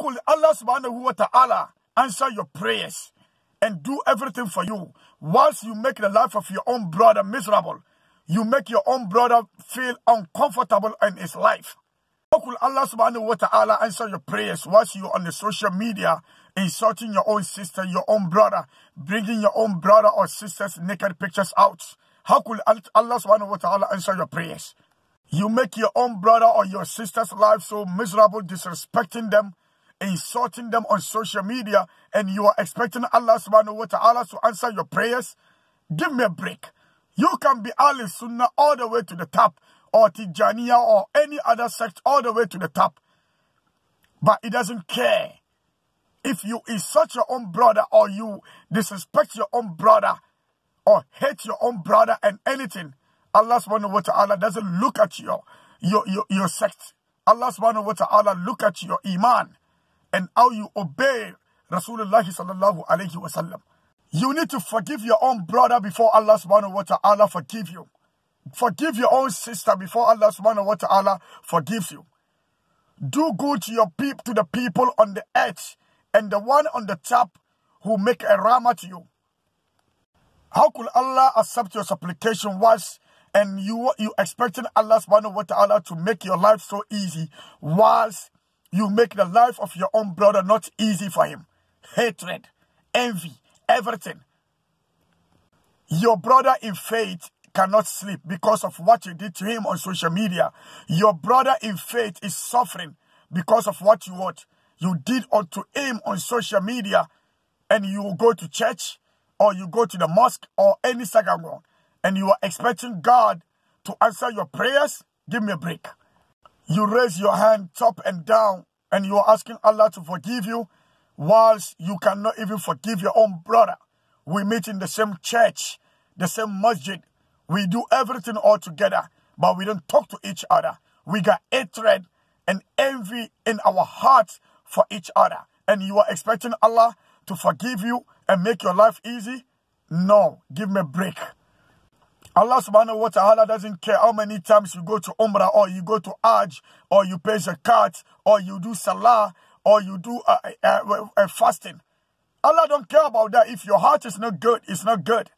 could Allah subhanahu wa ta'ala answer your prayers and do everything for you whilst you make the life of your own brother miserable? You make your own brother feel uncomfortable in his life. How could Allah subhanahu wa ta'ala answer your prayers whilst you're on the social media insulting your own sister, your own brother, bringing your own brother or sister's naked pictures out? How could Allah subhanahu wa ta'ala answer your prayers? You make your own brother or your sister's life so miserable, disrespecting them, insulting them on social media, and you are expecting Allah subhanahu wa ta'ala to answer your prayers? Give me a break. You can be Ali Sunnah all the way to the top, or Tijaniya, or any other sect all the way to the top. But it doesn't care. If you insult your own brother, or you disrespect your own brother, or hate your own brother and anything, Allah subhanahu wa ta'ala doesn't look at your, your, your, your sect. Allah subhanahu wa ta'ala look at your iman and how you obey Rasulullah sallallahu alayhi wasallam. You need to forgive your own brother before Allah subhanahu wa ta'ala forgive you. Forgive your own sister before Allah subhanahu wa ta'ala forgives you. Do good to your people, to the people on the edge and the one on the top who make a rama to you. How could Allah accept your supplication once and you you expecting Allah subhanahu wa ta'ala to make your life so easy whilst you make the life of your own brother not easy for him. Hatred, envy, everything. Your brother in faith cannot sleep because of what you did to him on social media. Your brother in faith is suffering because of what you what you did unto him on social media. And you go to church or you go to the mosque or any synagogue and you are expecting God to answer your prayers. Give me a break you raise your hand top and down and you are asking Allah to forgive you whilst you cannot even forgive your own brother. We meet in the same church, the same masjid. We do everything all together, but we don't talk to each other. We got hatred and envy in our hearts for each other. And you are expecting Allah to forgive you and make your life easy? No, give me a break. Allah subhanahu wa ta'ala doesn't care how many times you go to Umrah or you go to Hajj or you pay zakat or you do Salah or you do a, a, a fasting. Allah don't care about that. If your heart is not good, it's not good.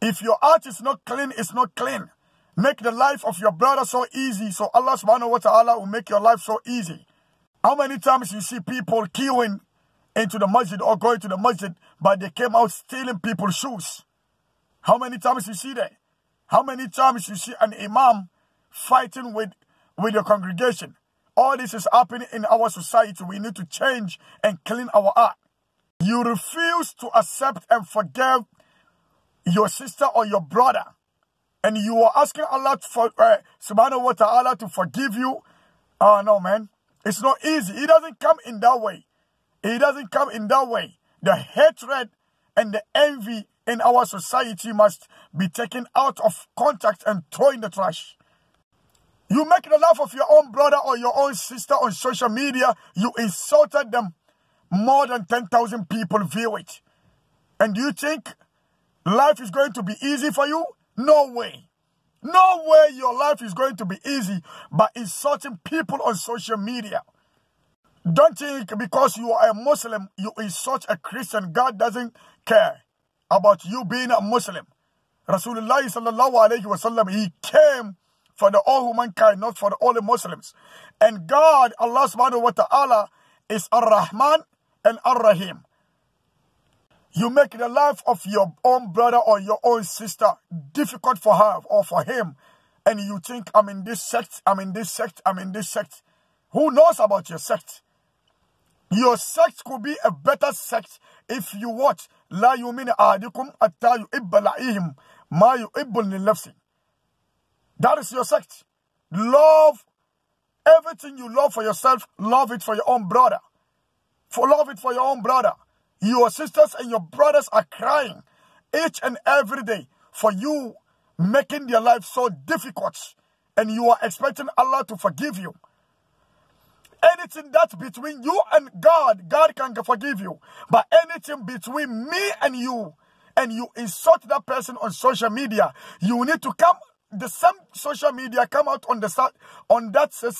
If your heart is not clean, it's not clean. Make the life of your brother so easy so Allah subhanahu wa ta'ala will make your life so easy. How many times you see people queuing into the masjid or going to the masjid but they came out stealing people's shoes? How many times you see that? How many times you see an imam fighting with, with your congregation? All this is happening in our society. We need to change and clean our heart. You refuse to accept and forgive your sister or your brother. And you are asking Allah for, uh, subhanahu wa ta'ala to forgive you. Oh, no, man. It's not easy. It doesn't come in that way. It doesn't come in that way. The hatred and the envy in our society must be taken out of contact and thrown in the trash. You make the laugh of your own brother or your own sister on social media, you insulted them. More than 10,000 people view it. And you think life is going to be easy for you? No way. No way your life is going to be easy by insulting people on social media. Don't think because you are a Muslim, you insult a Christian. God doesn't care about you being a Muslim. Rasulullah sallallahu alayhi wasallam, he came for the all humankind, not for the the Muslims. And God, Allah subhanahu wa ta'ala, is Ar-Rahman and Ar-Rahim. You make the life of your own brother or your own sister difficult for her or for him. And you think, I'm in this sect, I'm in this sect, I'm in this sect. Who knows about your sect? Your sect could be a better sect if you watch لا يؤمن أحدكم حتى يحب لأخيه ما يحب لنفسه. That is your sect. Love everything you love for yourself, love it for your own brother. For love it for your own brother. Your sisters and your brothers are crying each and every day for you making their life so difficult and you are expecting Allah to forgive you anything that's between you and God, God can forgive you. But anything between me and you, and you insult that person on social media, you need to come, the same social media, come out on the on that same,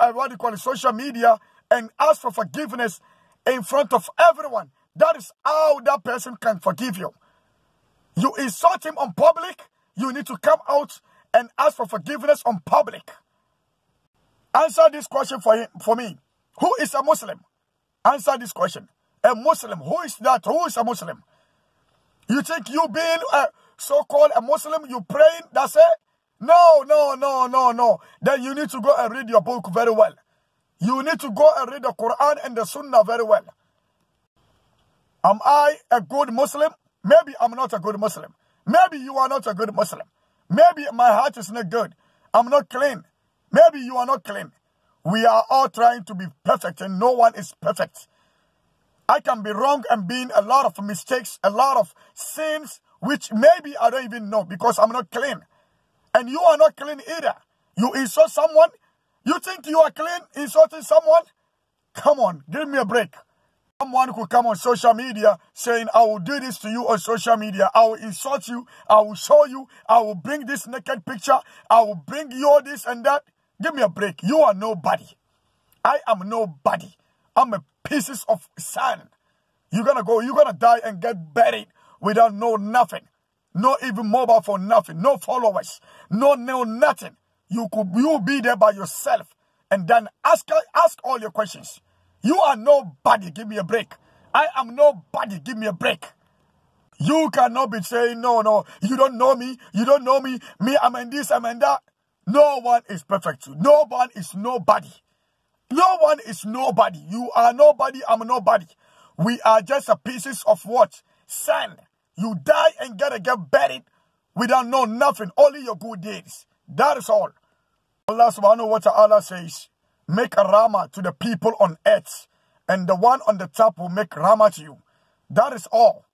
uh, what do you call it, social media, and ask for forgiveness in front of everyone. That is how that person can forgive you. You insult him on public, you need to come out and ask for forgiveness on public. Answer this question for, him, for me. Who is a Muslim? Answer this question. A Muslim. Who is that? Who is a Muslim? You think you being a so-called a Muslim, you praying, that's it? No, no, no, no, no. Then you need to go and read your book very well. You need to go and read the Quran and the Sunnah very well. Am I a good Muslim? Maybe I'm not a good Muslim. Maybe you are not a good Muslim. Maybe my heart is not good. I'm not clean. Maybe you are not clean. We are all trying to be perfect and no one is perfect. I can be wrong and being a lot of mistakes, a lot of sins, which maybe I don't even know because I'm not clean. And you are not clean either. You insult someone. You think you are clean insulting someone? Come on, give me a break. Someone could come on social media saying, I will do this to you on social media. I will insult you. I will show you. I will bring this naked picture. I will bring you all this and that. Give me a break. You are nobody. I am nobody. I'm a pieces of sand. You're gonna go, you're gonna die and get buried without no nothing. No even mobile for nothing. No followers. No no nothing. You could you'll be there by yourself. And then ask ask all your questions. You are nobody. Give me a break. I am nobody. Give me a break. You cannot be saying, no, no, you don't know me. You don't know me. Me, I'm in this, I'm in that. No one is perfect. No one is nobody. No one is nobody. You are nobody. I'm nobody. We are just a pieces of what? Sand. You die and gotta get buried We don't know nothing. Only your good deeds. That is all. Allah subhanahu wa ta'ala says, Make a Rama to the people on earth, and the one on the top will make Rama to you. That is all.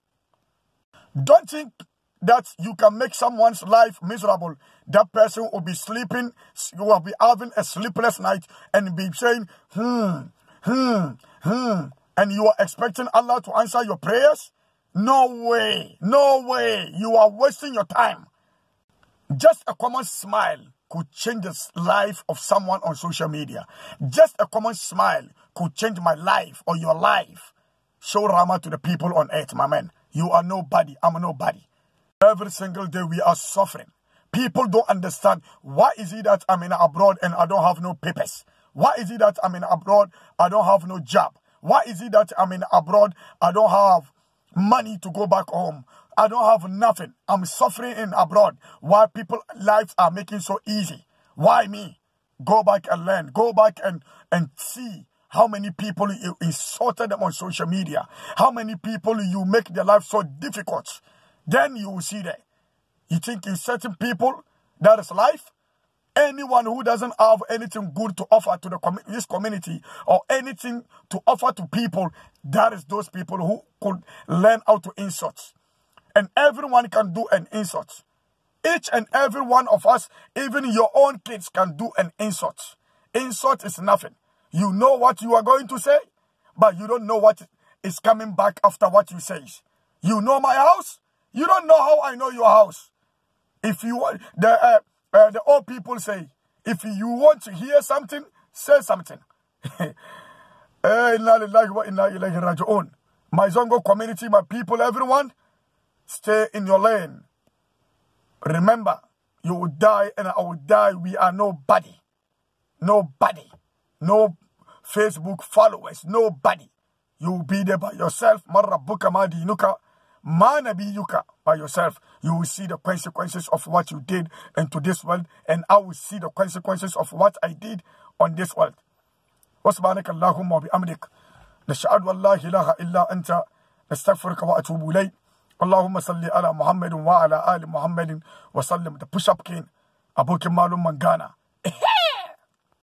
Don't think that you can make someone's life miserable. That person will be sleeping, you will be having a sleepless night and be saying, hmm, hmm, hmm. And you are expecting Allah to answer your prayers? No way, no way. You are wasting your time. Just a common smile could change the life of someone on social media. Just a common smile could change my life or your life. Show Rama to the people on earth, my man. You are nobody. I'm nobody. Every single day we are suffering. People don't understand why is it that I'm in abroad and I don't have no papers? Why is it that I'm in abroad, I don't have no job? Why is it that I'm in abroad, I don't have money to go back home? I don't have nothing. I'm suffering in abroad. Why people lives are making so easy? Why me? Go back and learn. Go back and, and see how many people you insulted them on social media. How many people you make their life so difficult. Then you will see that. You think you certain people, that is life. Anyone who doesn't have anything good to offer to the com this community or anything to offer to people, that is those people who could learn how to insult. And everyone can do an insult. Each and every one of us, even your own kids, can do an insult. Insult is nothing. You know what you are going to say, but you don't know what is coming back after what you say. You know my house? You don't know how I know your house. If you want, the, uh, uh, the old people say, if you want to hear something, say something. Eh, my Zongo community, my people, everyone, stay in your lane. Remember, you will die and I will die. We are nobody. Nobody. No Facebook followers. Nobody. You will be there by yourself. Marra Bukamadi Nuka. Man, be yuka by yourself. You will see the consequences of what you did into this world, and I will see the consequences of what I did on this world. وسبحانك اللهم وبأمرك نشهد والله إله إلا أنت نستغفرك وأتوب إليك اللهم صل على محمد وعلى آل محمد وسلم the push up king Abu malum mangana